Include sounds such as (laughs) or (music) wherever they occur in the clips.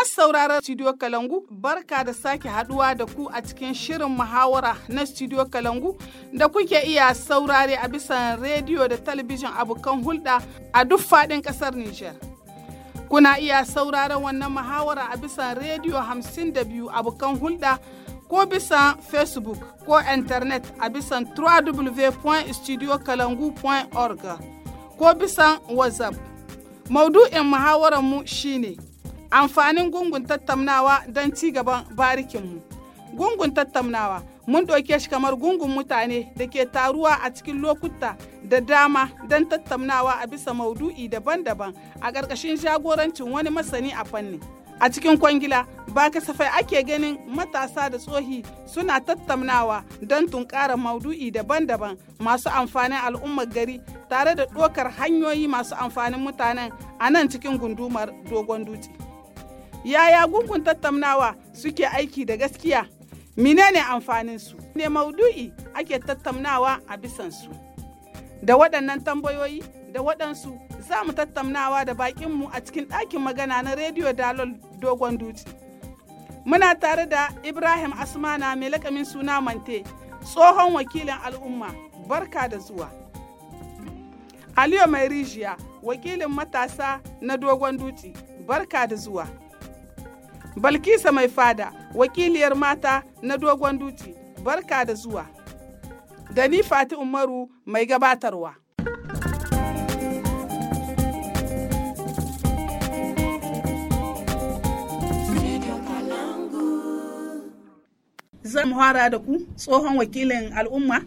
Masu sauraron Studio Kalangu, barka da sake haduwa da ku a cikin shirin muhawara na Studio Kalangu da kuke iya saurare a bisan rediyo da talabijin abokan hulɗa a duk faɗin ƙasar Nijar. Kuna iya sauraron wannan muhawara a bisan rediyo 52 abokan hulɗa ko bisan Facebook ko Internet a bisan www.studiokalangu.org ko bisan WhatsApp. Maudu'in muhawararmu shine Amfanin gungun tattaunawa don ci gaban barikinmu. Gungun tattaunawa mun ɗauke shi kamar gungun mutane da ke taruwa a cikin lokuta da dama don tattaunawa a bisa maudu'i daban-daban a ƙarƙashin jagorancin wani masani a fanni A cikin kwangila ba kasafai ake ganin matasa da tsohi suna tattaunawa don tunƙara maudu'i daban-daban masu amfanin al'ummar gari tare da ɗokar hanyoyi masu amfanin mutanen a nan cikin gundumar dogon dutse. Yaya gungun tattaunawa suke aiki da gaskiya? Menene su. Ne maudu'i ake tattaunawa a bisan su. Da waɗannan tambayoyi da waɗansu za mu tattaunawa da mu a cikin ɗakin magana na Rediyo Dalol Dogon Dutse. Muna tare da Ibrahim Asmana mai lakamin suna Mante, tsohon wakilin al'umma, barka da zuwa. Aliyu Mai Rijiya, wakilin matasa na Dogon Dutse, barka da zuwa. Balkisa mai fada, wakiliyar mata na dogon duti, barka da zuwa. Da ni Fati Umaru mai gabatarwa. Zan hara da ku tsohon wakilin al'umma,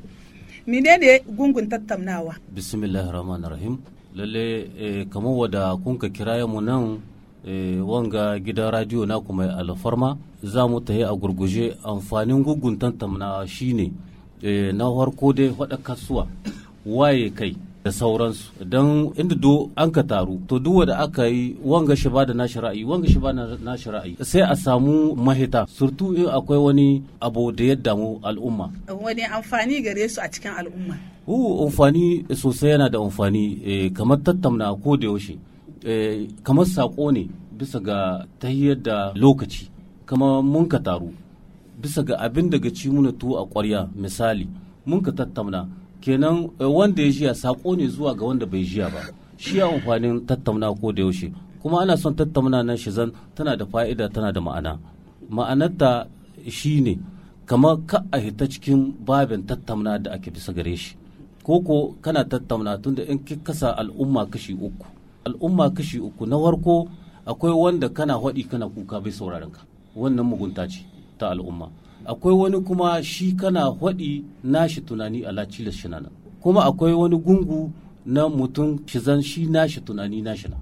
menene gungun tattaunawa? Bismillahirrahmanirrahim. Lalle, eh, kamar wada kunka kirayenmu nan Eh, wanga gidan radio na kuma alfarma za mu tahi a gurguje amfanin gugun tantamna shine eh, na harko dai faɗa kasuwa waye kai da sauransu don inda do an ka taru to duk da aka yi wanga shi da nashi ra'ayi wanga shi da nashi ra'ayi sai a samu mahita surtu in akwai wani abu da ya damu al'umma wani amfani gare su a cikin al'umma Uh, umfani sosai yana da amfani eh, kamar tattamna ko da yaushe Eh, kamar saƙo ne bisa ga tahiyar da lokaci kama mun ka taru bisa ga abin daga ci muna tuwo a ƙwarya misali mun ka tattauna kenan eh, wanda ya jiya saƙo ne zuwa ga wanda bai jiya ba shi ya amfanin tattauna ko da yaushe kuma ana son tattauna nan shi zan tana da fa'ida tana da ma'ana ma'anarta shi ne kamar ka a hita cikin babin tattauna da ake bisa gare shi koko kana tattauna tunda in kasa al'umma kashi uku al'umma kashi uku na warko akwai wanda kana haɗi kana kuka bai sauraron ka wannan mugunta ce ta al'umma akwai wani kuma shi kana haɗi nashi tunani ala cilas shi nan kuma akwai wani gungu na mutum shizan shi nashi tunani nashi na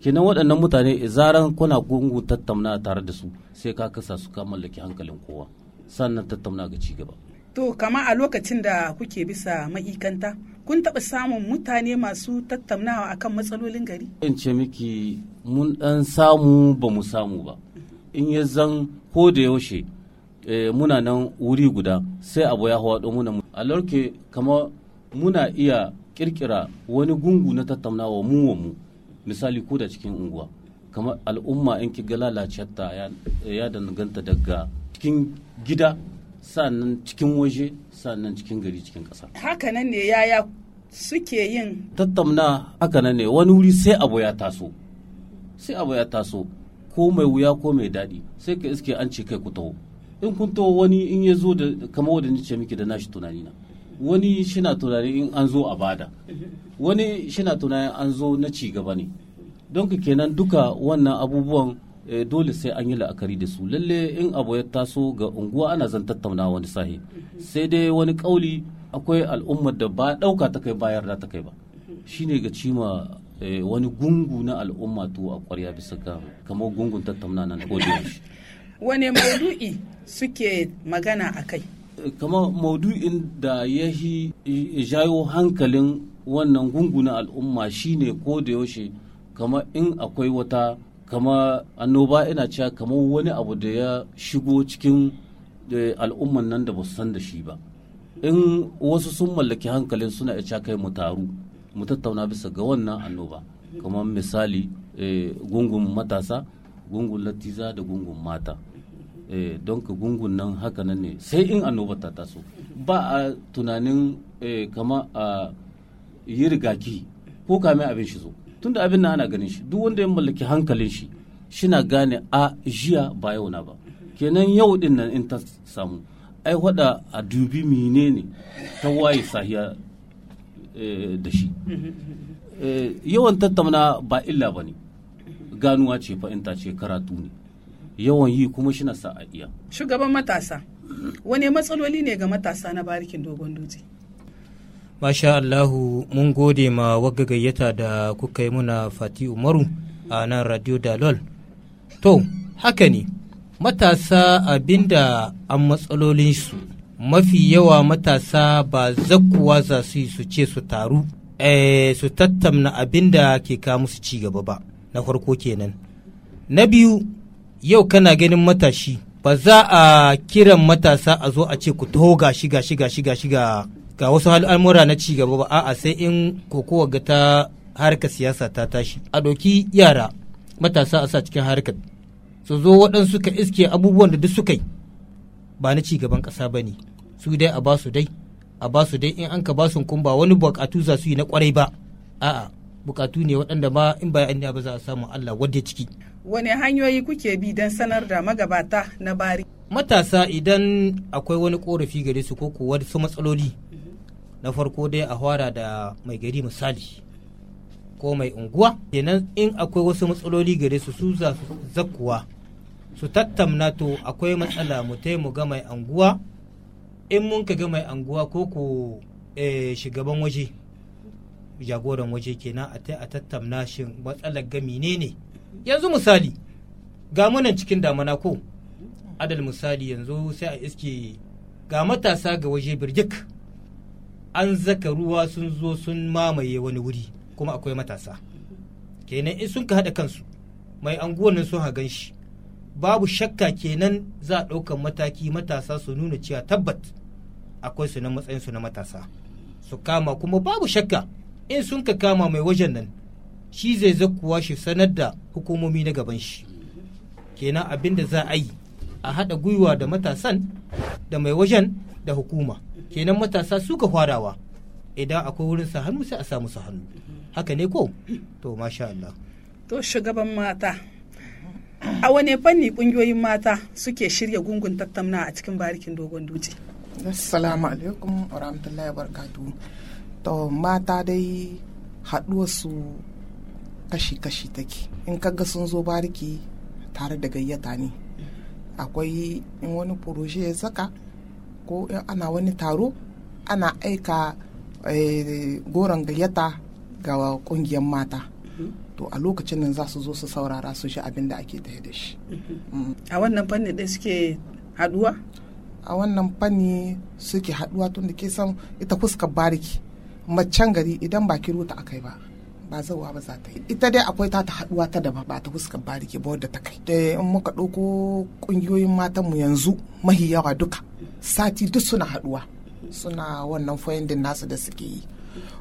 kenan waɗannan mutane eh, zaran kuna gungu tattauna tare da su sai ka kasa su ka mallaki hankalin kowa sannan tattauna ga ci gaba to kama a lokacin da kuke bisa ma'ikanta kun taɓa samun mutane masu tattaunawa akan matsalolin gari? in ce miki mun ɗan samu ba mu samu ba in ya zan ko da yaushe eh, muna nan wuri guda sai abu ya hawa muna a lauke kama muna iya kirkira wani gungu na tattaunawa mu wa mu misali ko da cikin unguwa Kama al'umma in ki ga ta ya danganta daga cikin gida sannan cikin waje sannan cikin gari cikin ƙasa hakanan ne yaya suke yin tattamna hakanan ne wani wuri sai abu ya taso sai abu ya taso ko mai wuya ko mai daɗi sai ka iske an ce kai ku taho in kun taho wani in ya zo da kamar wadda ni ce miki da nashi tunani na wani shina tunani in an zo a bada wani shina tunani an zo na ci gaba ne don ka kenan duka wannan abubuwan Eh, dole sai an yi la'akari da su lalle in abu ya taso ga unguwa ana zan tattauna wani sahi sai dai wani kauli akwai al'ummar da ba ɗauka ta kai bayar da ta kai ba shine ga cima eh, wani gungu na al'umma to a kwarya bisa ga kamar gungun tattauna nan ko da (laughs) wane maudu'i suke magana a kai eh, kama maudu'in da ya jayo hankalin wannan gungu na al'umma shine ko da yaushe kama in akwai wata kama annoba ina cewa kamar wani abu da ya shigo cikin al'umman nan da ba san da shi ba in wasu sun mallaki hankalin suna ya kai mu taru mu tattauna bisa ga wannan annoba kama misali eh, gungun matasa gungun latiza da gungun mata eh, don ka gungun nan haka nan ne sai in annoba ta taso ba a tunanin eh, kama a yi rigaki ko kame abin shi zo tunda abin na ana ganin shi duk wanda ya mallaki hankalin shi shina gane a jiya ba yau na ba kenan yau din nan in ta samu ai wada a dubi menene ta waye sahiya eh, da shi eh, yawan tattauna ba illa ba ne ganuwa ce ta ce karatu ne yawan yi kuma shi na sa'a iya shugaban matasa wane matsaloli ne ga matasa na barikin dogon dutse Masha Allahu mun gode ma wagga gayyata da kuka yi muna Fati Umaru a nan Radio Dalol. To, haka ne, matasa abinda an su mafi yawa matasa ba zakkuwa za su yi su ce su taru, e, su tattamna abinda ke ka musu ci gaba ba, na farko kenan. Na biyu, yau kana ganin matashi, ba za a kiran matasa a zo a ce ku taho gashi gashi gashi gashi ga wasu al'amura na ci gaba ba a'a sai in koko ga ta harkar siyasa ta tashi a doki yara matasa a sa cikin harkar su zo waɗansu ka iske abubuwan da duk suka yi ba na ci gaban ƙasa ba ne su dai a ba su dai a ba su dai in an ka ba su kun ba wani bukatu za su yi na kwarai ba a'a bukatu ne waɗanda ma in ba yan ba za a samu Allah wadda ciki wani hanyoyi kuke bi don sanar da magabata na bari matasa idan akwai wani korafi gare su ko kuwa wasu matsaloli na farko dai a fara da mai gari misali ko mai unguwa kenan in akwai wasu matsaloli gare su su za su zakuwa su tattamna to akwai matsala mu mu mai unguwa. in mun ka ga mai unguwa ko ko eh, shugaban waje jagoran waje kenan a ta a tattamna shin matsalar gami ne ne yanzu misali ga munan cikin damana ko adal misali yanzu sai a iske ga matasa ga waje birgik an zaka ruwa sun zo sun mamaye wani wuri kuma akwai matasa kenan in sun ka haɗa kansu mai anguwan nan sun hagan shi babu shakka kenan za a ɗaukan mataki matasa su nuna cewa tabbat akwai su na matsayinsu na matasa su kama kuma babu shakka in sun ka kama mai wajen nan shi zai zakuwa shi sanar da hukumomi na gaban shi kenan abin da za a yi a haɗa gwiwa da matasan da mai wajen da hukuma kenan matasa suka ka idan akwai wurin sa hannu sai a samu su hannu haka ne ko to masha Allah to shugaban mata a wane fanni kungiyoyin mata suke shirya gungun tattauna a cikin barikin dogon dutse assalamu alaikum wa rahmatullahi wa barakatuhu to mata dai su kashi-kashi take in kaga sun zo bariki tare da gayyata ne akwai in wani furoshe ya saka ko in ana wani taro ana aika eh, goron gayyata ga kungiyar mata to a lokacin nan za su zo su saurara su shi abin da ake tafi da shi mm. a wannan fanni da suke haduwa a wannan fanni suke haduwa tun da ke san ita fuskar bariki macen gari idan ba ki ruta akai ba ba zauwa ba za ta yi ita dai akwai ta ta haduwa ta daban ba ta fuskar ke ba da ta kai da in muka ɗauko ƙungiyoyin matan mu yanzu mahi yawa duka sati duk suna haduwa suna wannan fayindin nasu da suke yi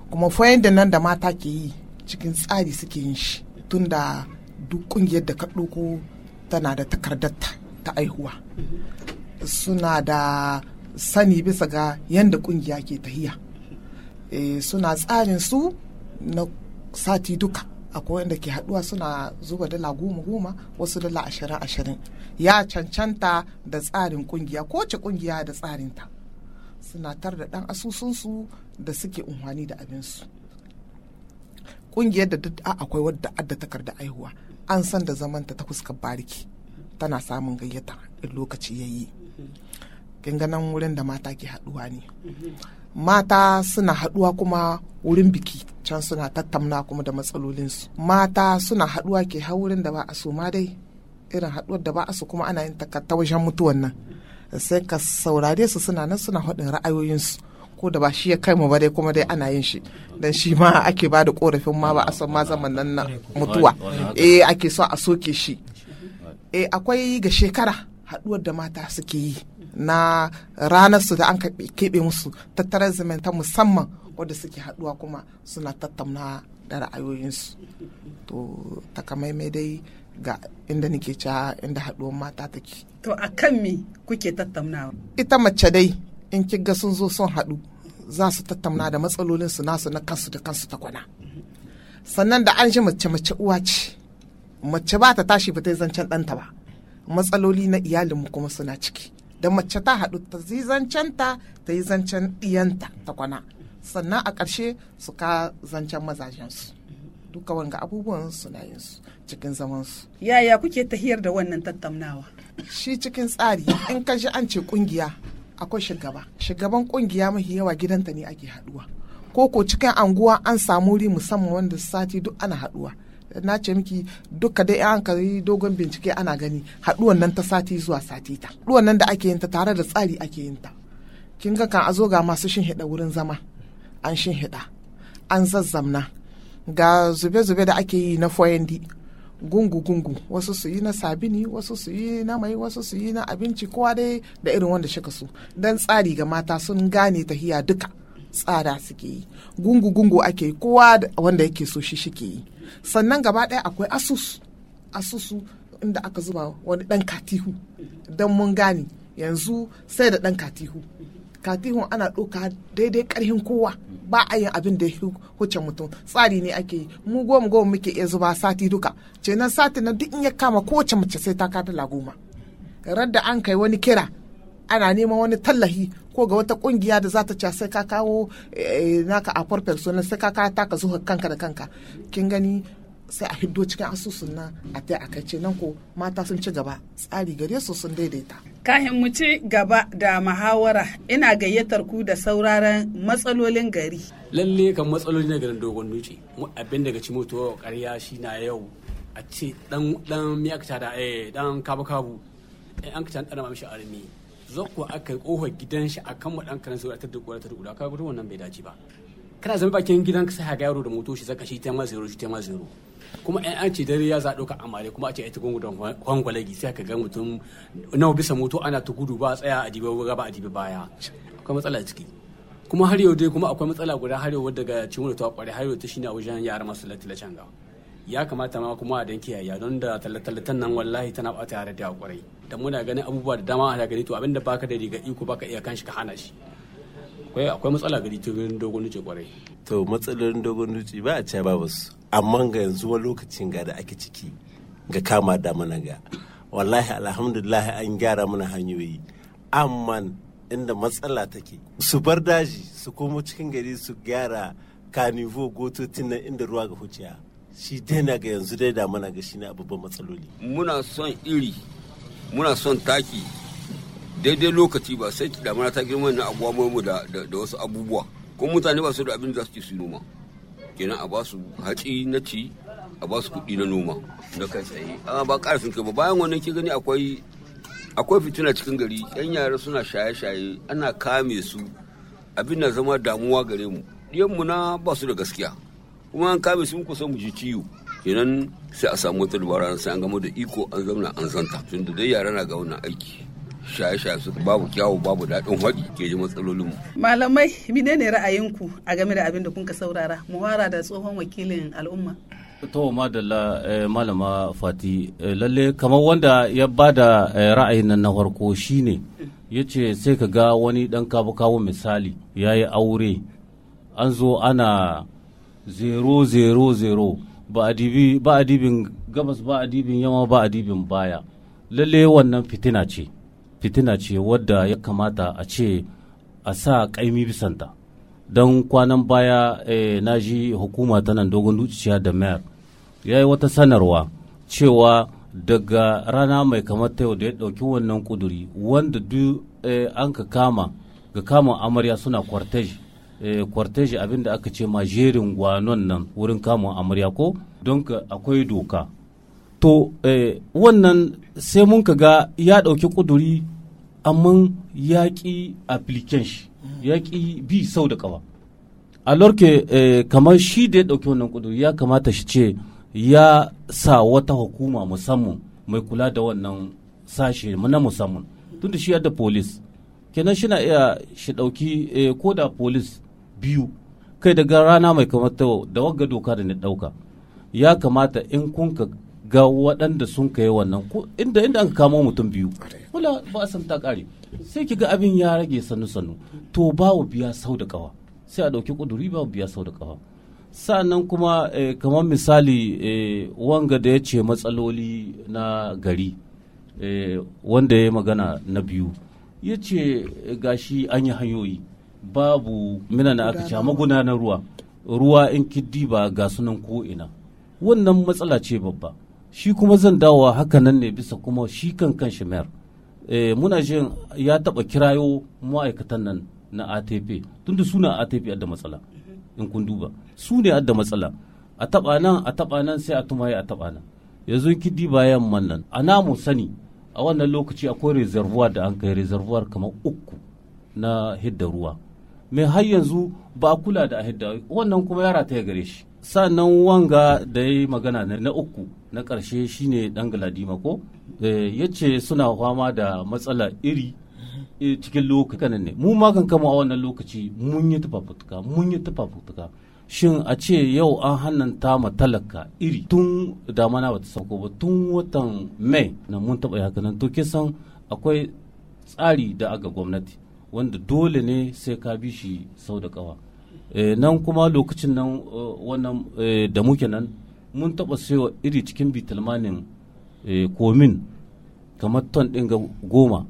kuma fayindin nan da mata ke yi cikin tsari suke yin shi tunda duk ƙungiyar da ka ɗauko tana da takardarta ta aihuwa suna da sani bisa ga yadda ƙungiya ke tahiya eh, suna tsarin su na sati duka akwai wanda ke haduwa suna zuba dala goma goma wasu dala ashirin ashirin ya cancanta da tsarin kungiya kowace kungiya da tsarinta suna tar da dan asusunsu da suke unhwani da abinsu kungiyar da duk akwai wadda adda takarda aihuwa an san da zamanta ta fuskar bariki tana samun gayyata in lokaci ya yi ganganan wurin da mata ke haduwa ne mata suna haɗuwa kuma wurin biki can suna tattamna kuma da matsalolinsu mata suna haɗuwa ke wurin da ba a so ma dai irin haɗuwar da ba a so kuma ana yin ta wajen mutuwan nan sai ka saurare su suna nan suna haɗin ra'ayoyinsu ko da ba shi ya kai mu ba dai kuma dai ana yin shi dan shi ma ake ba da korafin ma ba a son ma zaman nan na mutuwa eh ake so a soke shi eh akwai ga shekara haɗuwar da mata suke yi na ranar su da an keɓe musu tattarar zumunta musamman wadda suke haduwa kuma suna tattauna da ra'ayoyinsu to takamaimai dai ga inda nake ca inda haɗuwar mata take to a kan me kuke tattaunawa ita mace dai in kiga sun zo sun haɗu za su tattauna da matsalolinsu nasu na kansu da kansu ta kwana sannan da an ji mace mace uwa ce mace ba ta tashi ba ta zancen ɗanta ba matsaloli na iyalinmu kuma suna ciki da mace ta haɗu ta yi zancen ta ta yi zancen ɗiyanta ta kwana sannan a ƙarshe su ka zancen mazajensu duka wanga abubuwan suna yin su cikin zamansu. yaya kuke tahiyar da wannan tattaunawa shi cikin tsari in ka ji an ce kungiya akwai shugaba shugaban kungiya mafi yawa gidanta ne ake haɗuwa ko ko cikin anguwa an samu wuri musamman wanda sati duk ana haɗuwa. na ce miki duka dai an kari dogon bincike ana gani haɗuwan nan ta sati zuwa sati ta haɗuwan nan da ake yin ta tare da tsari ake yin ta kin ga kan ga masu shin hida wurin zama an shin hida an zazzamna ga zube-zube da ake yi na foyandi gungu-gungu wasu su yi na sabini wasu su yi na mai wasu su yi na abinci kowa dai da irin wanda shika su dan tsari ga mata sun gane tahiya duka tsada suke yi gungu-gungu ake kowa wanda yake so shi shike yi sannan gaba ɗaya akwai asus asusu inda aka zuba wani ɗan katihu don mun gane yanzu sai da ɗan katihu Katihu ana ɗauka daidai ƙarhin kowa ba a yin abin da ya huce mutum tsari ne ake yi mu goma goma muke iya zuba sati duka ce nan sati na duk in ya kama kowace mace sai ta kada lagoma radda an kai wani kira ana neman wani tallahi ko ga wata kungiya da za ta ce sai ka kawo eh, naka a personal sai ka ta taka zuwa kanka da kanka kin gani sai a hiddo cikin asusun nan a ta a kai ce nan ko mata sun ci gaba tsari gare su sun daidaita. Kahin mu ci gaba da muhawara ina gayyatar ku da sauraron matsalolin gari. Lalle kan matsalolin na garin dogon nuce abin daga ci ƙarya shi na yau a ce dan dan miyakata da dan eh, kabu kabu eh, an ka dan mamishi armi zakko aka kofa gidan shi kan mu dan karan sai ta duk ta duk ka kawai wannan bai dace ba kana zama bakin gidan ka sai ga yaro da moto shi zaka shi ta zero shi ta zero kuma ɗan an ce dare ya za ɗauka amare kuma a ce ita gungu don kwangwalagi sai ka ga mutum nawa bisa moto ana ta gudu ba a tsaya a dibe gaba a dibe baya akwai matsala ciki kuma har yau dai kuma akwai matsala guda har yau daga cikin da ta kware har yau ta shine a wajen yara masu lalacin ga ya kamata ma kuma a dan kiyaye don da tallatallatan nan wallahi tana ɓata yara da kwarai da muna ganin abubuwa da dama a gari to abinda baka da riga iko baka iya kanshi ka hana shi akwai akwai matsala gari cikin dogon nuci kwarai to matsalolin dogon nuci ba a ce ba basu amma ga yanzu wani lokacin ga da ake ciki ga kama da mana ga wallahi alhamdulillah an gyara mana hanyoyi amma inda matsala take su bar daji su komo cikin gari su gyara kanivo gototin nan inda ruwa ga huciya shi dai na ga yanzu dai da mana ga shine abubuwan matsaloli muna son iri muna son taki daidai lokaci ba sai damana ta girma na abuwa mu da wasu abubuwa ko mutane ba su da abin da su ke su noma kenan a ba su hatsi na ci a ba su kuɗi na noma da kai tsaye amma ba ƙarfin kai ba bayan wannan ke gani akwai akwai fitina cikin gari yan yara suna shaye-shaye ana kame su abin na zama damuwa gare mu mu na ba su da gaskiya kuma an kame su muku kusa mu ji ciwo kenan sai a samu wata dubara sai an gama da iko an zamna an zanta tun da dai yara na ga wannan aiki shaye-shaye su babu kyawu babu daɗin haɗi ke ji matsalolin mu. Malamai mine ne ra'ayinku a game da abin da kun ka saurara muhara da tsohon wakilin al'umma. To madalla eh, malama fati eh, lalle kamar wanda ya bada eh, ra'ayin nan na farko shine ya ce sai ka ga wani ɗan kabu kawo misali ya yi aure an zo ana zero zero zero ba adibin dibin gabas ba adibin dibin yamma ba adibin baya lalle wannan fitina ce fitina ce wadda ya kamata a ce a sa kaimi bisanta don kwanan baya eh, na ji hukuma ta nan dogon duciya da mayar ya yi wata sanarwa cewa daga rana mai kamar ta da ya ɗauki wannan kuduri wanda duk eh, an ka kama ga kama amarya suna kwartej kwarteji eh, abin da aka ce ma jerin gwanon nan wurin kamun amarya ko don akwai doka to eh, wannan sai mun ka ga ya ɗauki ƙuduri amma ya ƙi application ya ƙi bi sau da ƙawa a lorke eh, kamar shi da ya ɗauki wannan ƙuduri ya kamata shi ce ya sa wata hukuma musamman mai kula da wannan sashe na musamman tunda shi da polis kenan shi na iya shi ɗauki ko da polis biyu kai daga rana mai kamar ta da wagga doka da na dauka ya kamata in kun ka ga waɗanda sun ka yi wannan inda inda an kamo mutum biyu wala ba a san ta kare sai ki ga abin ya rage sanu-sanu to bawo biya sau da kawa sai a ɗauki kuduri bawo biya sau da kawa sannan kuma eh, kamar misali eh, wanga da ya ce matsaloli na gari eh, wanda ya magana na biyu ya ce gashi an yi hanyoyi babu minan na aka ce magudanar ruwa ruwa in kiddi ba ga sunan ko ina wannan matsala ce babba shi kuma zan dawowa haka nan ne bisa kuma shi kan kan shi mayar eh, muna jin ya taba kirayo ma'aikatan nan na atp tunda suna atp adda matsala in kun duba su ne adda matsala a taba nan a taba nan sai a tumaye a taba nan yanzu kiddi ba man nan a mu sani a wannan lokaci akwai reservoir da an kai reservoir kamar uku na hidda ruwa mai har yanzu ba a kula da ahidda wannan kuma yara ta gare shi sannan wanga da ya yi magana na uku na ƙarshe shine dan galadima ko eh, ya ce suna fama da matsala iri eh, cikin lokacin ne mu ma kan kama a wannan lokaci mun yi tufafutuka mun yi tufafutuka shin a ce yau an hannanta ma talaka iri tun damana bata sauko ba tun watan mai na mun taɓa yakanan to kisan akwai tsari da aga gwamnati wanda dole ne sai ka bi shi sau da kawa eh, nan kuma lokacin nan eh, wannan eh, da muke nan mun taɓa saiwa iri cikin bitalmanin komin kamar ton ɗin goma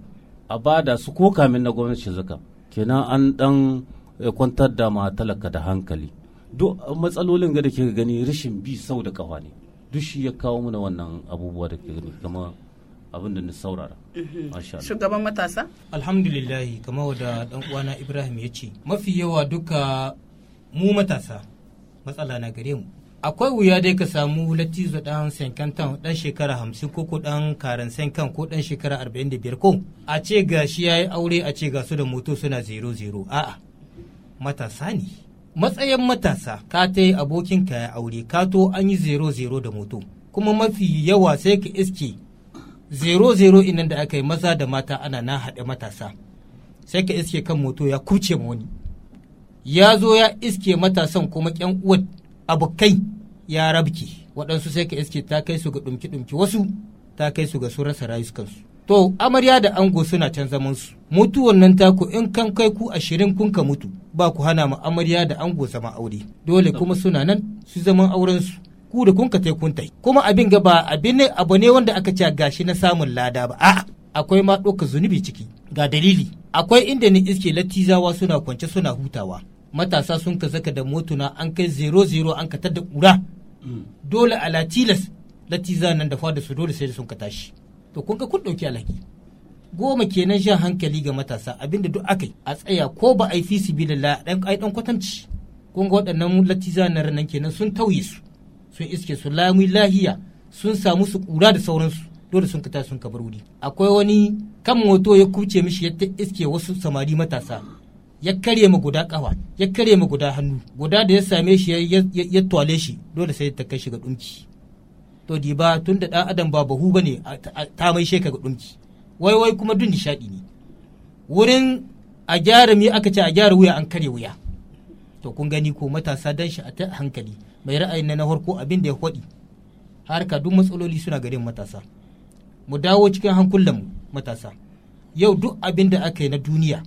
a bada su ko kamin na gwamnati zaka kenan an ɗan kwantar da ma talaka da hankali duk matsalolin ga da ke gani rashin bi sau da kawa ne duk shi ya kawo mana wannan abubuwa da ke gani kama abin da na saurara. Eh, eh. Shugaban matasa? Alhamdulillahi kamar da ɗan uwana Ibrahim ya ce mafi yawa duka mu matasa matsala na gare mu. Akwai wuya dai ka samu latizo ɗan sankantan ɗan shekara hamsin ko ko ɗan karan sankan ko ɗan shekara arba'in da biyar ko a ce ga shi ya yi aure a ce ga su da moto suna zero zero a'a matasa ne. Matsayin matasa ka ta yi abokin ka ya aure ka to an yi zero zero da moto kuma mafi yawa sai ka iske zero zero inan da aka yi maza da mata ana na haɗe matasa sai ka iske kan moto ya kuce ma wani ya zo ya iske matasan kuma ƙyan uwat abokai ya rabke waɗansu sai ka iske ta kai su ga ɗumki-ɗumki wasu ta kai su ga su rasa rayukansu to amarya da ango suna can zaman su mutuwan nan taku in kan kai ku ashirin kun ka mutu ba ku hana ma amarya da ango zama aure dole kuma suna nan su zaman aurensu. ku da kun ka kun tai kuma abin ga ba abin ne abu ne wanda aka ce gashi na samun lada ba a'a akwai ma ɗaukar zunubi ciki ga dalili akwai inda ni iske latizawa suna kwance suna hutawa matasa sun ka zaka da motuna an kai zero zero an ka da kura dole a tilas latiza nan da fada su dole sai da sun ka tashi to kun ga kun ɗauki alhaki goma kenan shan hankali ga matasa abinda duk aka yi a tsaya ko ba a yi fi sibilillah ɗan kwatanci kun ga waɗannan latiza nan kenan sun tauye su sun iske su lamu lahiya sun samu su kura da sauransu dole sun kata sun kabar wuri akwai wani kan moto ya kuce mishi ya iske wasu samari matasa ya karye ma guda kawa ya karye ma guda hannu guda da ya same shi ya twale shi dole sai ta kai shi ga dumki to di ba tun da dan adam ba bahu bane ta mai sheka ga dumki wai wai kuma dun nishadi ne wurin a gyara mi aka ce a gyara wuya an karya wuya to kun gani ko matasa dan shi a hankali mai ra'ayin na na farko abin da ya kwaɗi harka duk matsaloli suna garin matasa mu dawo cikin hankulan matasa yau duk abin da aka yi na duniya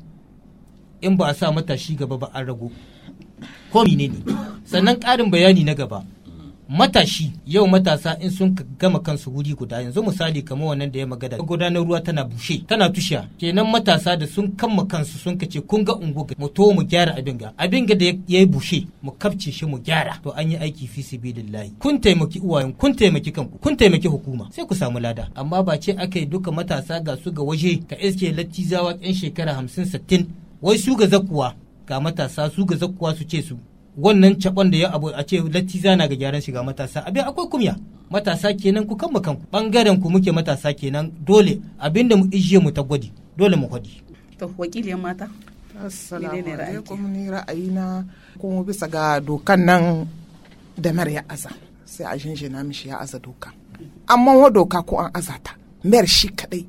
in ba a sa matashi gaba ba an rago ko ne sannan ƙarin bayani na gaba matashi yau matasa in sun gama kansu wuri guda yanzu misali kamar wannan da ya magana gudanar ruwa tana bushe tana tushiya kenan matasa da sun kama kansu sun kace kun ga ungu mu to mu gyara abin ga abin ga da ya bushe mu kafce shi mu gyara to an yi aiki fi sibilillahi kun taimaki uwayen kun taimaki kanku kun taimaki hukuma sai ku samu lada amma ba ce aka yi duka matasa ga su ga waje ka iske latti zawa yan shekara hamsin sittin wai su ga zakuwa ga matasa su ga zakuwa su ce su wannan caɓon da ya abu a ce latti na ga gyaran shiga matasa abin akwai kumya matasa kenan ku kanmu kanku bangaren ku muke matasa kenan dole abinda mu ijiye mu ta gwadi dole mu gwadi to wakiliyar mata assalamu alaikum ni na kuma bisa ga dokan nan da mar ya aza sai a jinjina mishi ya aza doka amma wa doka ko an aza ta shi kadai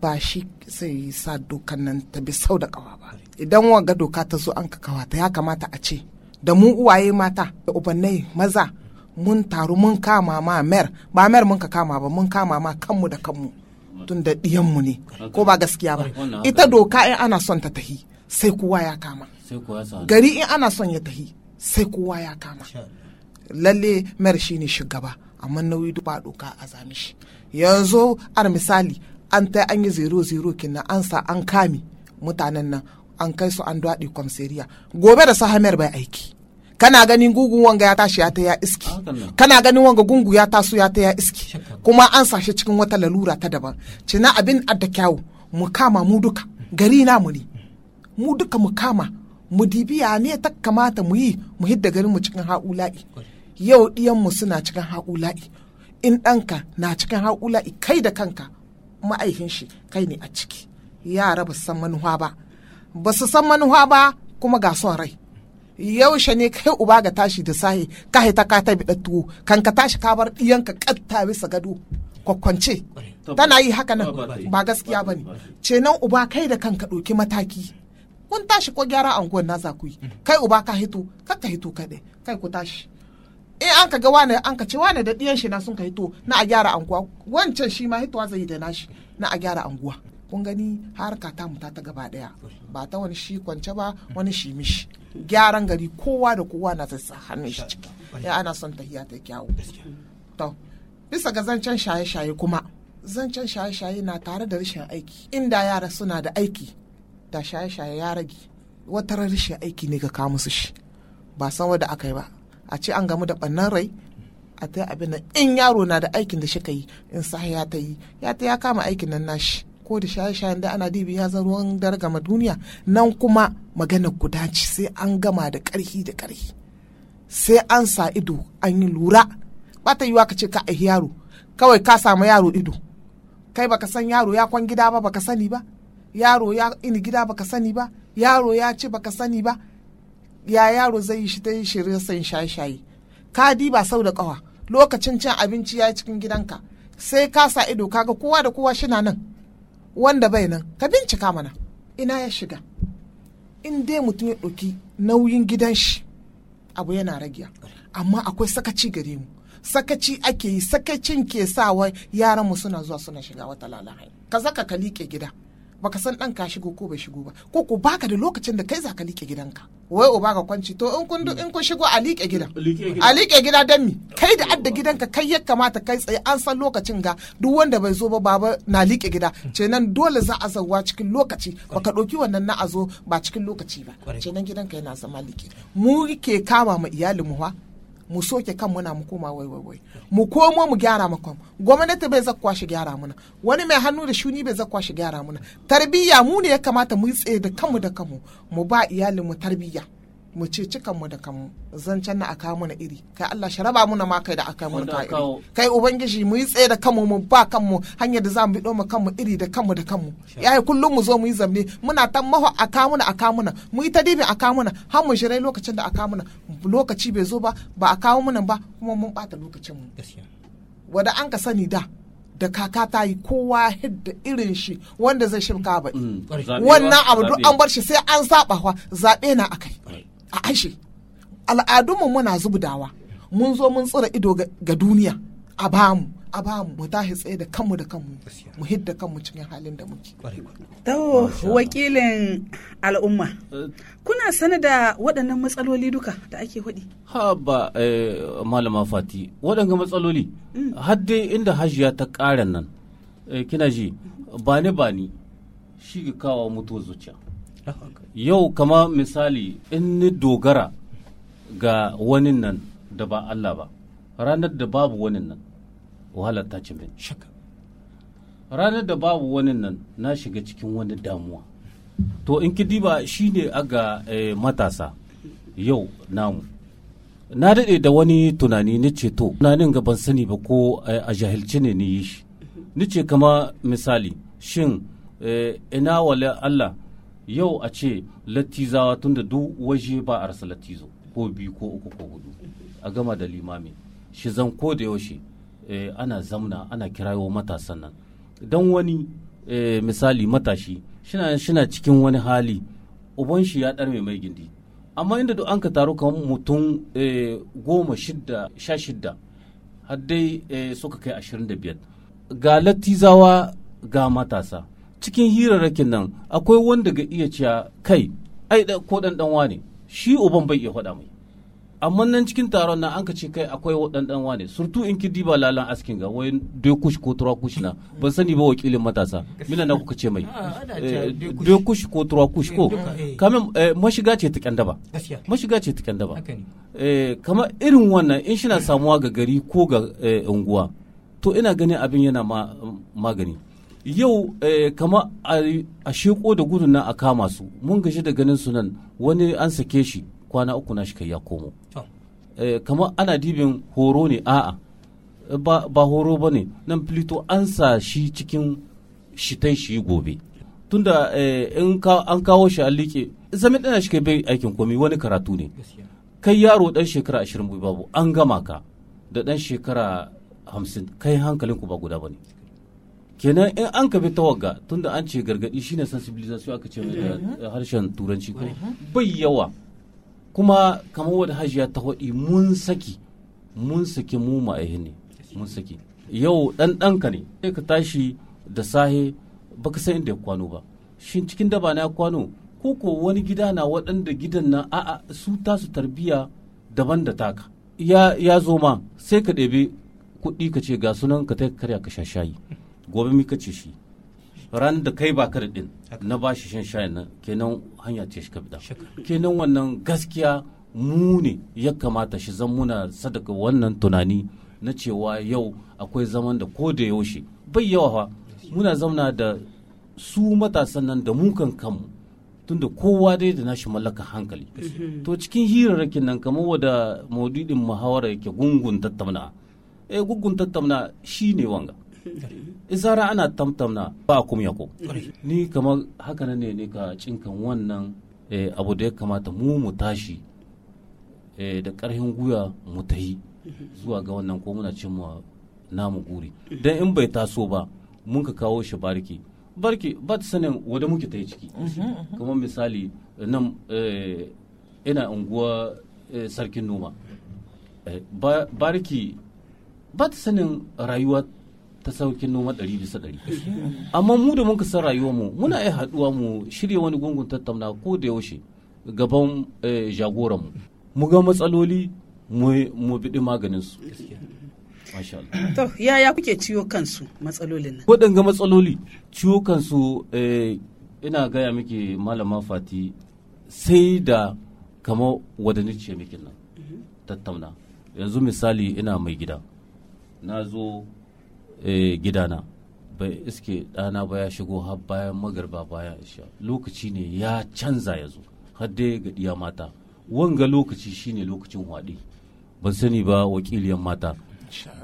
ba shi sai sa dokan nan ta bi sau da kawa ba idan ga doka ta zo an ka ta ya kamata a ce da mu uwaye mata da ubannai maza mun taru mun kama ma mer ba mer mun ka kama ba mun kama ma kanmu da kanmu tun da diyanmu ne ko ba gaskiya ba ita doka in ana son ta tahi sai kowa ya kama gari in ana son ya tahi sai kowa ya kama lalle mer shi ne shugaba amma nauyi ba doka a zami shi yanzu ar misali an ta an yi zero zero kinna an sa an kami mutanen nan an kai su an daɗi kwamseriya gobe da sahamiyar bai aiki kana ganin gugun wanga ya tashi ya ta ya iski kana ganin wanga gungu ya taso ya ta ya iski kuma an sashi cikin wata lalura ta daban cina abin adda kyawu mu kama mu duka gari mu ne mu duka mu kama mu dibiya ne ta kamata mu yi mu hidda garin mu cikin ha'ula'i yau diyan mu suna cikin ha'ula'i in ɗanka na cikin ha'ula'i kai da kanka ma'aikin shi kai ne a ciki yara ba san manuwa ba ba su san manuwa ba kuma ga son rai yaushe ne kai uba ga tashi da sahi ka haita ka ta biɗa tuwo kan ka tashi ka bar ɗiyanka ƙatta bisa gado kwakwance tana yi haka nan ba gaskiya ba ne cenan uba kai da kanka ɗauki mataki kun tashi ko gyara anguwan na za ku yi kai uba ka hito ka ka hito kaɗai kai ku tashi in an ka ga wane an ka ce wane da ɗiyan shi na sun ka hito na a gyara anguwa wancan shi ma hitowa zai yi da nashi na a gyara anguwa kun gani harka ta muta ta gaba daya ba ta wani shi kwance ba hmm. wani shi mishi gyaran gari kowa da kowa na ta hannun shi ciki ya eh, ana son tahiya ta kyawu to bisa ga zancen shaye-shaye kuma zancen shaye-shaye na tare da rashin aiki inda yara suna da aiki da shaye-shaye ya rage wata rashin aiki ne ga kamu su shi ba san wanda aka yi ba a ce an gamu da ɓannan rai a ta abin nan in yaro na da aikin da shi ka yi in sa ya ta yi ya ta ya kama aikin nan nashi ko da shaye-shayen da ana dibi ya zama ruwan dargama duniya nan kuma maganar guda ce sai an gama da ƙarfi da ƙarfi sai an sa ido an yi lura ba ta yiwa ka ce ka aihi yaro kawai ka samu yaro ido kai baka san yaro ya kwan gida ba baka sani ba yaro ya ini gida baka sani ba yaro ya ci baka sani ba ya yaro zai yi shi ta shirye san shaye-shaye ka diba sau da ƙawa lokacin cin abinci ya yi cikin gidanka sai ka sa ido kaga kowa da kowa shina nan wanda bai nan ka bincika mana ina ya shiga in dai mutum ya ɗauki nauyin gidan shi abu yana ragiya amma akwai sakaci gare mu sakaci ake yi sakacin ke sawa yaran mu suna zuwa suna shiga wata lalahai ka zaka ka liƙe gida baka san ɗan ka shigo ko bai shigo ba ko ko baka da lokacin da kai zaka ka liƙe gidanka wai o baka kwanci to in kun in kun shigo a liƙe gidan a liƙe gida dan mi kai da adda gidanka kai ya kamata kai tsaye an san lokacin ga duk wanda bai zo ba baba na liƙe gida kenan dole za a zawa cikin lokaci baka ɗauki wannan na a zo ba cikin lokaci ba gidan gidanka yana zama liƙe mu ke kama ma iyalin mu mu soke kan muna mu koma wai wai wai mu komo mu gyara makon gwamnati bai zakwa shi gyara muna wani mai hannu da shuni bai zakwa shi gyara muna tarbiyya mu ne ya kamata mu tsaye da kanmu da kanmu mu ba iyalin mu tarbiyya mu ce cikan mu da kanmu zancen na aka mana iri kai Allah shi raba muna ma kai da aka mana ta iri kai ubangiji mu yi tsaye da kanmu mu ba kanmu hanyar da za mu bido mu kanmu iri da kanmu da kanmu yayi kullum mu zo mu yi zamne muna tan maho aka mana aka mana mu yi tadibin aka mana har mu shirai lokacin da aka mana lokaci bai zo ba ba a kawo mana ba kuma mun bata lokacin mu wanda an ka sani da da kaka ta yi kowa hidda irin shi wanda zai shimka mm. ba wannan abu duk an bar shi sai an saba zaɓe na akai a ashe al'adunmu muna zubdawa mun zo mun tsira ido ga duniya a bamu a bamu mu tashi tsaye da kanmu da kanmu mu hidda kanmu cikin halin da muke to wakilin al'umma eh. kuna sani da waɗannan matsaloli duka da ake hudi ha ba eh, malama fati waɗannan matsaloli mm. har dai inda hajiya ta ƙara nan eh, kina ji mm-hmm. bani bani shi ga kawo mutuwar zuciya yau kama misali in ni dogara ga wani nan da ba Allah ba ranar da babu wani nan wahalar ta ci min shaka ranar da babu wani nan na shiga cikin wani damuwa to in ki diba ne aga ga eh, matasa yau namu na daɗe da wani tunani ni ce to tunanin ga ban sani ba ko eh, a jahilci ne ni yi shi ni ce kama misali shin eh, ina wale Allah yau a ce latizawa tun da duk waje ba a rasa latizo ko biyu ko uku ko hudu a gama da limami shi zan ko da yaushe eh, ana zamna ana kirayo matasan nan don wani eh, misali matashi shina cikin wani hali uban shi ya ɗarme mai gindi amma inda duk an ka taru kamar mutum eh, goma shida sha shidda har dai suka kai ashirin da biyar ga latizawa ga matasa cikin hirarrakin nan akwai wanda ga iya cewa kai ai ko dan dan wane shi uban bai iya faɗa mai amma nan cikin taron nan an ka ce kai akwai dan wane surtu in ki diba lalan askin ga wai dai kush ko tura kush na ban sani ba wakilin matasa mina na kuka ce mai ah, ah, eh, dai kush ko tura kush ko eh, eh. kamin mashiga ce ta kyandaba mashiga ce ta kyandaba kamar irin wannan in shi na samuwa ga gari ko ga unguwa to ina ganin abin yana magani yau eh, kama a sheko da gudun nan a kama su mun gashi da ganin su nan wani an sake shi kwana uku na shi kai ya komo eh, kama ana dibin horo ne a'a ba horo ba ne nan filito an sa shi cikin shitai shi gobe tunda eh, in an kawo shi an liƙe zamin ɗana shi kai bai aikin komi wani karatu ne kai yaro ɗan shekara ashirin babu an gama ka da ɗan shekara hamsin kai ku ba guda ba ne kenan in an ka bi tawagga tunda an ce gargadi shine sensibilisation aka ce da eh, harshen turanci ko bai yawa kuma kamar wadda hajiya ta hodi mun saki mun saki mu ma'aihi ne mun saki yau dan ka ne sai ka tashi da sahe baka san inda ya kwano ba shin cikin daba na kwano ko ko wani gida na waɗanda gidan na a'a su tasu tarbiya daban da taka ya zo ma sai ka ɗebe kuɗi ka ce ga sunan ka ta karya ka sha shayi gobe mika ce shi ran da kai ba ka din na ba shi shan shayin nan kenan hanya ce shi ka kenan wannan gaskiya mu ne ya kamata shi zan muna sadaka wannan tunani na cewa yau akwai zaman da ko da yaushe bai yawa fa muna zauna da su matasan nan da mukan kanmu tunda kowa dai da nashi mallaka hankali mhm. to cikin hirarrakin nan kamar wadda maudidin muhawara yake gungun tattauna eh gungun tattauna shine wanga izara ana tamtamna ba a kumya ko ni kamar haka nan ne ka cinkan wannan eh, abu da ya kamata mu mu tashi eh, da karhin guya mu ta yi zuwa ga wannan ko muna cin namu guri don in bai taso ba mun ka kawo shi barki barki ba ta sanin wadda muke ta yi ciki kamar misali nan eh, ina unguwa sarkin noma barki ba ta sanin rayuwa ta saukin noma ɗari bisa ɗari amma mu da muka san rayuwar mu muna iya haɗuwa mu shirya wani gungun tattauna ko da yaushe gaban eh, jagoran mu mu ga matsaloli mu biɗi maganin su to yaya kuke ciwo kansu matsalolin nan waɗanga matsaloli ciwo kansu eh, ina gaya miki malama fati sai da kamar wadanni ce miki nan tattauna yanzu misali ina mai gida na zo Eh, gidana bai iske ɗana ba ya shigo har bayan magarba bayan isha lokaci ne ya canza ya zo har dai ga ɗiya mata wanga lokaci shine lokacin waɗe ban sani ba wakiliyan mata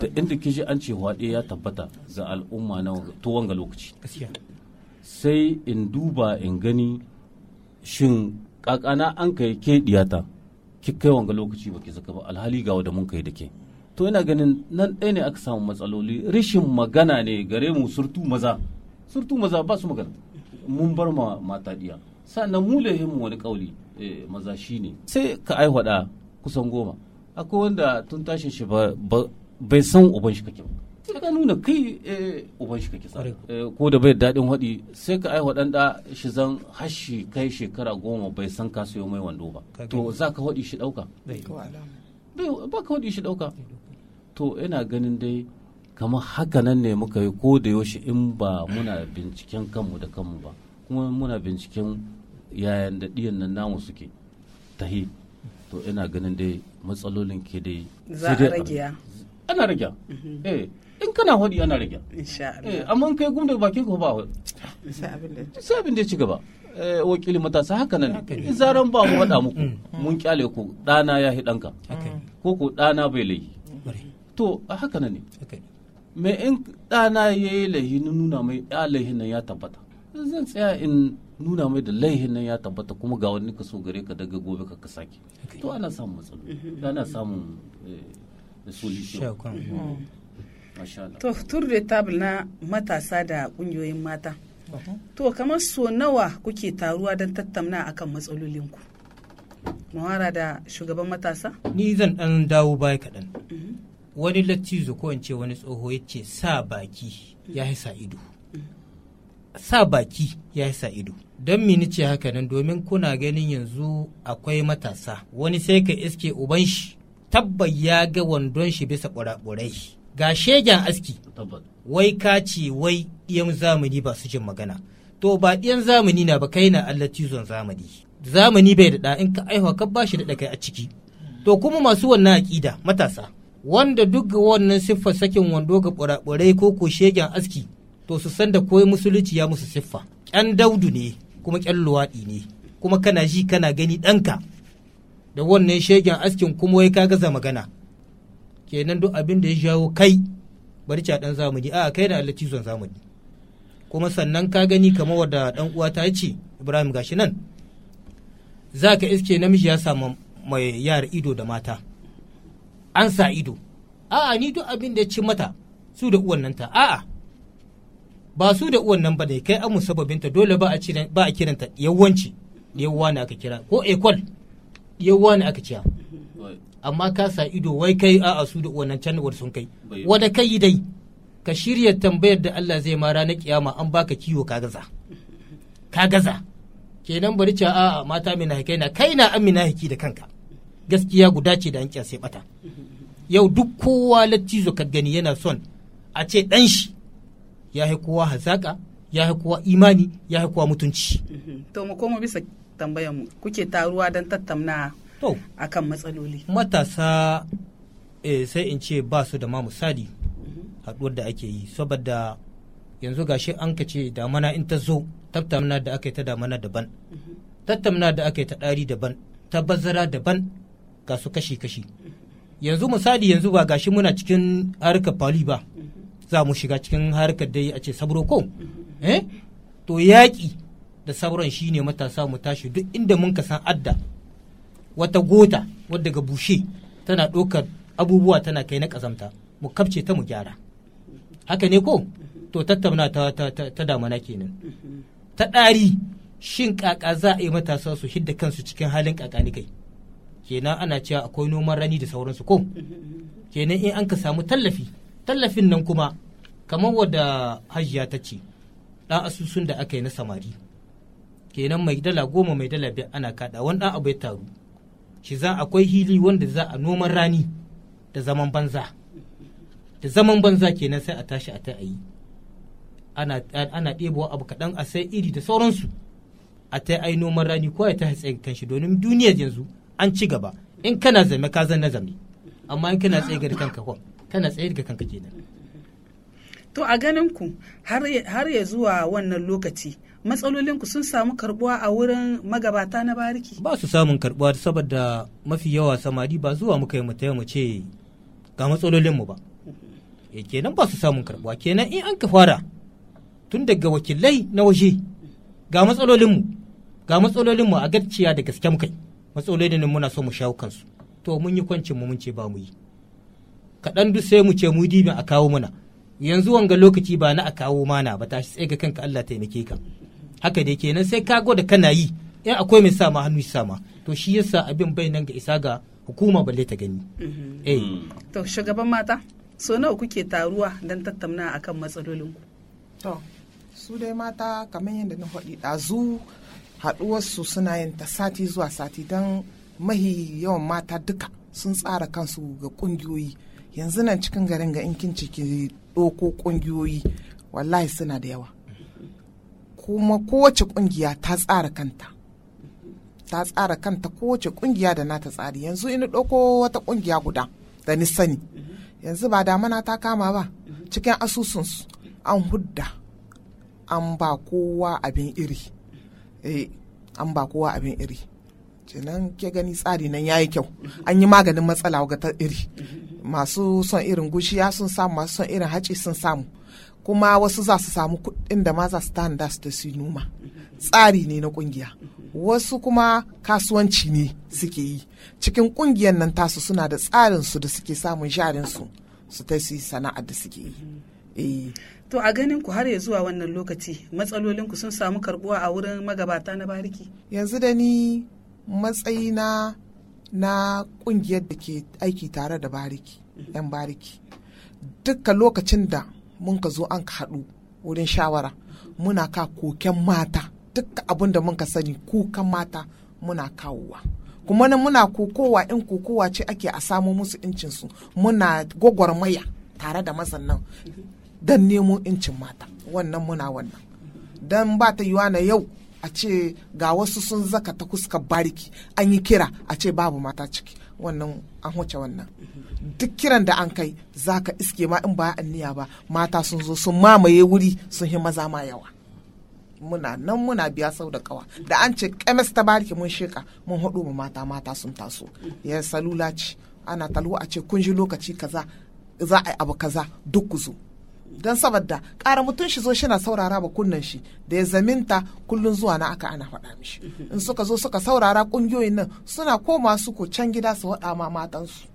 da inda kishi an ce waɗe ya tabbata za al'umma na to wanga lokaci sai in duba in gani shin kakana an kai ke ɗiyata ki kai wanga lokaci ba ki zaka ba alhali ga wanda mun kai da ke to ina ganin nan ɗaya ne aka samu matsaloli rashin magana ne gare mu surtu maza surtu maza ba su magana mun bar ma mata diya sannan mu mu wani kauli eh, maza shine sai ka aihwada kusan goma akwai wanda tun tashin shi bai san uban shi kake ba sai ka nuna kai eh, uban shi kake eh, ko da bai daɗin haɗi sai ka aiwa ɗan ɗa shi zan hashi kai shekara goma bai san ka sayo mai wando ba to za ka haɗi shi ɗauka ba ka waɗi shi ɗauka to ina ganin dai kamar haka nan ne muka yi ko da yaushe in ba muna binciken kanmu da kanmu ba kuma muna binciken yayan da ɗiyan nan namu suke tahi to ina ganin dai matsalolin ke dai za a ragiya ana ragiya mhm. eh in kana hodi ana ragiya eh amma kai gum da bakin ko ba sai abin da ya ci gaba eh, wakili matasa haka nan in zaran ba mu faɗa muku mm. mun kyale ku ɗana ya hi ɗanka ko ku ɗana bai layi to a haka nan ne mai in ɗana ya yi laihi na nuna mai ya laihin nan ya tabbata zan tsaya in nuna mai da laihin nan ya tabbata kuma ga wani kaso gare ka daga gobe ka sake to ana samun matsalo mm-hmm. ana samun eh, mm-hmm. mm. to tur da tabul na matasa da ƙungiyoyin mata to kamar so nawa kuke taruwa don tattauna akan matsalolinku muhara da shugaban matasa ni zan dan dawo baya kaɗan mm-hmm. wani lattizo ko in ce wani tsoho ya ce sa baki ya yi sa ido sa baki ya yi sa ido don mini ce haka nan domin kuna ganin yanzu akwai matasa wani sai ka iske uban shi tabbai ya ga wandon shi bisa ƙuraƙurai ga shegen aski wai ka ce wai ɗiyan zamani ba su jin magana to ba ɗiyan zamani na ba kai na allah zamani zamani bai da in ka aihuwa ka ba shi da kai a ciki to kuma masu wannan aƙida matasa wanda duk ga wannan siffa sakin wando ga ɓuraɓurai ko ko shegen aski to su san da ko musulunci ya musu siffa ƙyan daudu ne kuma ƙyan luwaɗi ne kuma kana ji kana gani ɗanka da wannan shegen askin kuma wai ka gaza magana kenan duk abin da ya jawo kai bari a dan zamani a kai da Allah cizon zamani kuma sannan ka gani kamar wadda dan uwa ta ce Ibrahim gashi nan za ka iske namiji ya samu mai yara ido da mata an sa ido a'a ni duk abin da ya ci mata su da uwan nan ta a'a ba su da uwan nan ba ne, kai amu ta. dole ba a kiran ta. yawanci yawwa ne aka kira ko ekol yawwa ne aka ciya amma ka sa ido wai kai a'a su da uwan nan can sun kai wanda kai dai ka shirya tambayar da Allah zai ma ranar kiyama an baka kiwo ka gaza ka gaza kenan bari ci a'a mata mina kai na kai na amina haki da kanka gaskiya guda ce da an sai bata yau duk kowa zo ka gani yana son a ce dan shi ya yi kowa hazaka ya yi kowa imani ya yi kowa mutunci to mu koma bisa tambayar mu kuke taruwa don tattauna akan matsaloli matasa eh, sai in ce ba su da ma misali haɗuwar da ake yi saboda yanzu gashi an ka ce damana in ta zo tattamna da aka yi ta damana daban tattamna da aka yi ta ɗari daban ta bazara daban ga su kashi-kashi yanzu misali yanzu ba gashi muna cikin harkar fali ba za mu shiga cikin harkar dai a ce sabro ko eh to yaƙi da sabron shine matasa mu tashi duk inda mun ka san adda wata gota wadda ga bushe tana ɗaukar abubuwa tana kai na ƙazamta mu kafce ta mu gyara haka ne ko to tattauna ta, ta, ta, ta damana kenan ta ɗari shin ƙaƙa za a yi matasa su hidda kansu cikin halin ni kai kenan ana cewa akwai noman rani da sauransu ko kenan in an ka samu tallafi tallafin nan kuma kamar wadda hajiya ta ce ɗan asusun da aka yi na samari kenan mai dala goma mai dala biyar ana kaɗa wani abu ya taru shi za akwai hili wanda za a noman rani da zaman banza da zaman banza kenan sai a tashi a ta yi ana ɗebowa abu kaɗan a sai iri da sauransu a ta yi noman rani ko ya ta tsaye kanshi domin duniyar yanzu an ci gaba in kana zame ka zan nazami zame amma in kana tsaye ga kanka kwan kana tsaye ga kanka kenan to a ganin ku har ya zuwa wannan lokaci matsalolin ku sun samu karbuwa a wurin magabata na bariki ba su samun karbuwa saboda mafi yawa samari ba zuwa muka yi mu taya mu ce ga matsalolin mu ba ya eh, kenan ba su samun karbuwa kenan in an ka fara tun daga wakilai na waje ga matsalolinmu ga mu a gaciya da gaske mu kai matsaloli ne muna so mu shawo kansu to mun yi kwancin mu mun ce ba mu yi kaɗan duk sai mu ce mu dibi a kawo mana yanzu wanga lokaci ba na a kawo mana ba tashi sai ga kanka Allah taimake ka haka dai kenan sai ka da kana yi in akwai mai sama hannu sama to shi yasa abin bai nan ga isa ga hukuma balle ta gani mm-hmm. eh to shugaban mata so nawa kuke taruwa don tattauna akan matsalolin ku to su dai mata kamar yadda na faɗi ɗazu haɗuwarsu suna yin ta sati zuwa sati don mahi yawan mata duka sun tsara kansu ga ƙungiyoyi yanzu nan cikin garin ga in ciki ɗoko ƙungiyoyi wallahi suna da yawa kuma kowace ƙungiya ta tsara kanta ta tsara kanta kowace ƙungiya da nata tsari yanzu ina ɗoko wata ƙungiya guda da ni sani yanzu ba damana ta kama ba cikin asusunsu an hudda an ba kowa abin iri eh, an ba kowa abin iri kenan ke gani tsari nan yayi kyau an yi maganin matsala ga ta iri masu son irin gushiya sun samu masu son irin haci sun samu kuma wasu za su samu kuɗin da ma za su tanada su ta su noma tsari ne na kungiya wasu kuma kasuwanci ne suke yi cikin kungiyar nan tasu suna da tsarin su da suke samun jarin su su ta su sana'ar da suke yi eh. to a ganin ku har ya zuwa wannan lokaci matsalolin ku sun samu karbuwa a wurin magabata na bariki yanzu da ni matsayina na kungiyar da ke aiki tare da bariki yan mm-hmm. bariki duka lokacin da mun ka zo an ka haɗu wurin shawara mm-hmm. muna ka koken mata duka abin da mun ka sani kukan mata muna kawowa kuma nan muna kokowa in kokowa ce ake a samo musu incinsu muna gwagwarmaya tare da mazan nan mm-hmm. don nemo incin mata wannan muna wannan don ba ta yiwa na yau a ce ga wasu sun zaka ta kuskar bariki an yi kira a ce babu mata ciki wannan an hoce wannan duk kiran da an kai za ka iske ma in ba anniya ba mata sun zo sun mamaye wuri sun yi maza ma yawa muna nan muna biya sau da kawa da an ce kemis ta bariki mun sheka mun hudu mu mata mata sun taso ya salula ce ana talwa a ce kun ji lokaci kaza za a yi abu kaza duk ku zo don saboda ƙara mutum shi zo shi na saurara ba kunnan shi da ya zaminta kullun zuwa na aka ana faɗa mishi in suka zo suka saurara ƙungiyoyin nan suna koma su ko can gida su waɗa ma matansu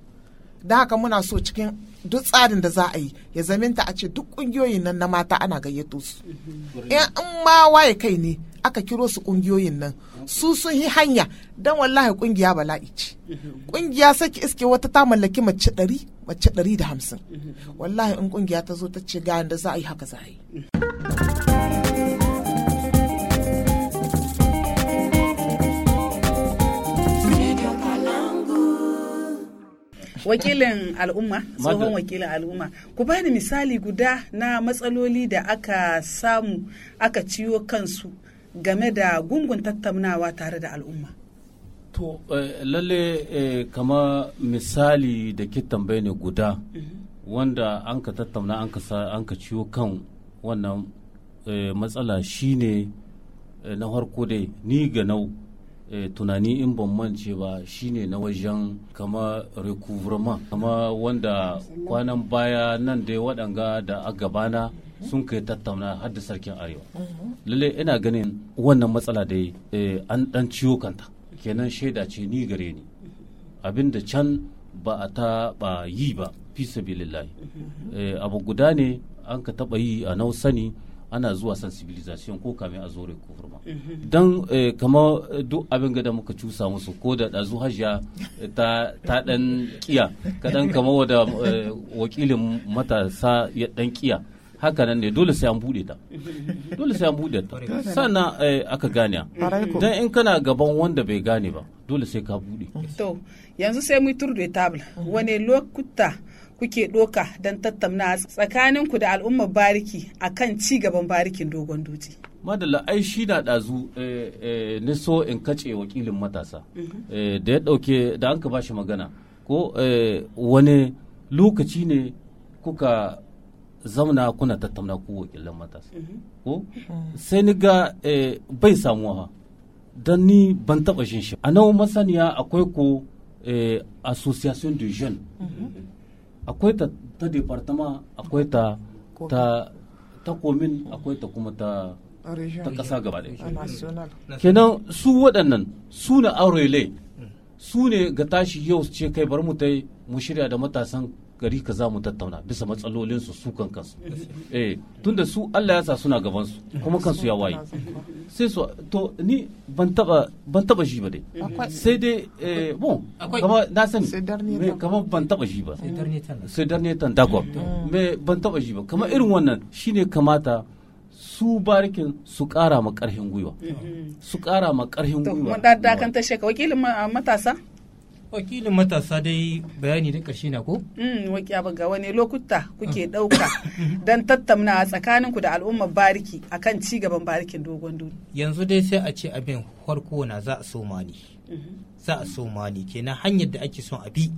da haka muna so cikin duk tsarin da za a yi ya zaminta a ce duk ƙungiyoyin nan na mata ana gayyato su in ma waye kai ne aka kiro su ƙungiyoyin nan su sun yi hanya don wallahi ƙungiya bala'i ce ƙungiya saki iske wata ta mallaki mace ɗari mace 150 wallahi in kungiya ta zo ta ce ga da za a yi haka za a yi wakilin al'umma tsohon wakilin al'umma ku bani misali guda na matsaloli da aka samu aka ciwo kansu game da gungun tattaunawa tare da al'umma to eh, lalle eh, kama misali da ke tambaye ne guda mhm. wanda an ka tattauna an ka ciwo kan wannan eh, matsala shine na harko dai ni ga nau tunani in ban mance ba shine na wajen kama recouvrement kama wanda kwanan baya nan dai waɗanga da a gabana sun kai tattauna har da sarkin arewa mhm. lalle ina ganin wannan matsala dai an ɗan ciwo kanta kenan shaida ce ni gare ni abinda can ba a taɓa yi ba fi sabilillahi eh, abu guda ne an ka taɓa yi a nausani ana zuwa sensibilisation ko kame a zore ko hurma don eh, kama duk abin da muka cusa musu ko da ɗazu hajiya eh, ta ɗan kiya kaɗan kama wada wakilin matasa ya ɗan kiya haka nan ne dole sai an bude ta dole sai an bude ta sannan eh, aka gane dan in kana gaban wanda bai gane ba dole sai ka bude to yanzu sai mu tur da table wane lokuta kuke doka don tattauna tsakaninku da al'umma bariki akan ci gaban barikin dogon doji. madalla ai shi na ɗazu eh, eh, ni so in kace wakilin matasa mhm. da ya dauke da an ka bashi magana ko wani lokaci ne kuka zauna kuna tattauna ku wakilan matasa mhm. ko mhm. sai ni ga eh, bai samuwa don ni ban taɓa shin shi a nawa masaniya akwai ko eh, association de jeunes mhm. akwai ta ta departement akwai ta ta ta komin akwai ta kuma ta ta kasa gaba kenan su waɗannan su na aurele mm. su ne ga tashi yau ce kai bar mu tai mu shirya da matasan gari ka za mu tattauna bisa matsalolinsu su su kan kansu eh tunda su Allah ya sa suna gaban su kuma kansu ya waye sai su to ni ban taba ban taba shi ba dai sai dai eh bon kama na sani me kama ban taba shi ba sai darne tan d'accord mm. me ban taba shi ba kama irin wannan shine kamata su barikin su kara ma karhin gwiwa mm-hmm. su kara ma karhin gwiwa mun da ta shekara wakilin matasa wakilin matasa dai bayani da ƙarshe na ko? Mm, abu ga wani lokuta kuke ɗauka don tattauna a tsakaninku da al'ummar bariki akan ci gaban barikin dogon duni. yanzu dai sai a ce abin farko na za a soma ne mm-hmm. za a soma ne kenan hanyar da ake son abi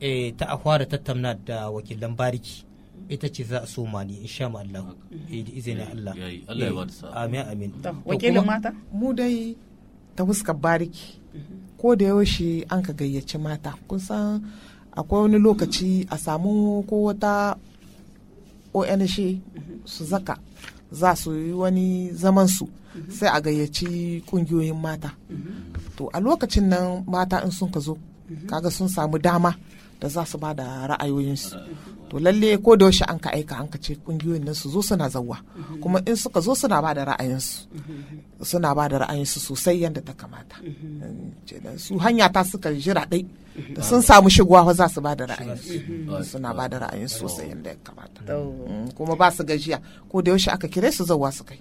eh, ta a fara tattauna da wakilan bariki ita ce za a so In insha Allah mm-hmm. eh Allah Allah ya eh, ba da sa'a amin amin wakilin mata mu dai ta fuskar bariki ko da yaushe an ka gayyaci mata kun san akwai wani lokaci a samu ko wata onc su zaka za su yi wani zamansu sai a gayyaci kungiyoyin mata to a lokacin nan mata in sun ka zo kaga sun samu dama da za su ba da ra'ayoyinsu to lalle ko da yaushe an ka aika an ka ce kungiyoyin nan su zo suna zauwa kuma in suka zo suna ba da ra'ayinsu suna ba da ra'ayinsu sosai yadda ta kamata su hanya ta suka jira dai da sun samu shigowa za su ba da ra'ayinsu suna ba da ra'ayinsu sosai yadda ya kamata mm, kuma ba su gajiya ko da yaushe aka kire su zauwa su kai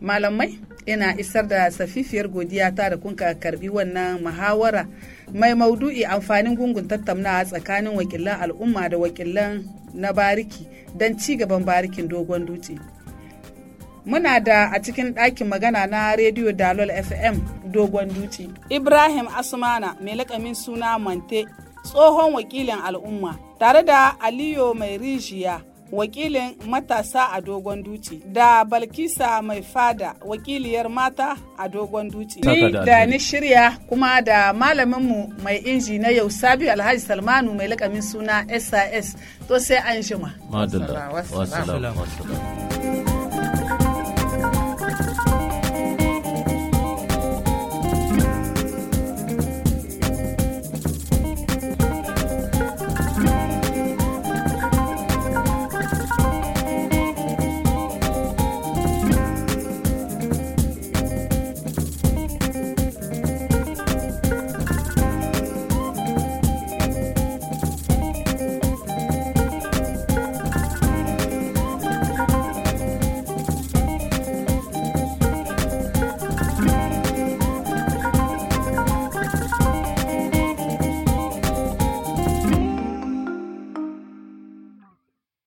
malamai ina isar da safifiyar godiya ta da kunka karbi wannan muhawara mai maudu'i amfanin gungun tattaunawa tsakanin wakilan al'umma da wakilan na bariki don ci gaban barikin dogon dutse muna da a cikin ɗakin magana na rediyo dalol fm dogon dutse ibrahim asmana mai lakamin suna mante tsohon wakilin al'umma tare da aliyo mai rijiya wakilin matasa a dogon duci da balkisa mai fada wakiliyar mata a dogon duci ni da ni shirya kuma da malaminmu mai inji na yau sabi alhaji salmanu mai lakamin suna sas to sai an jima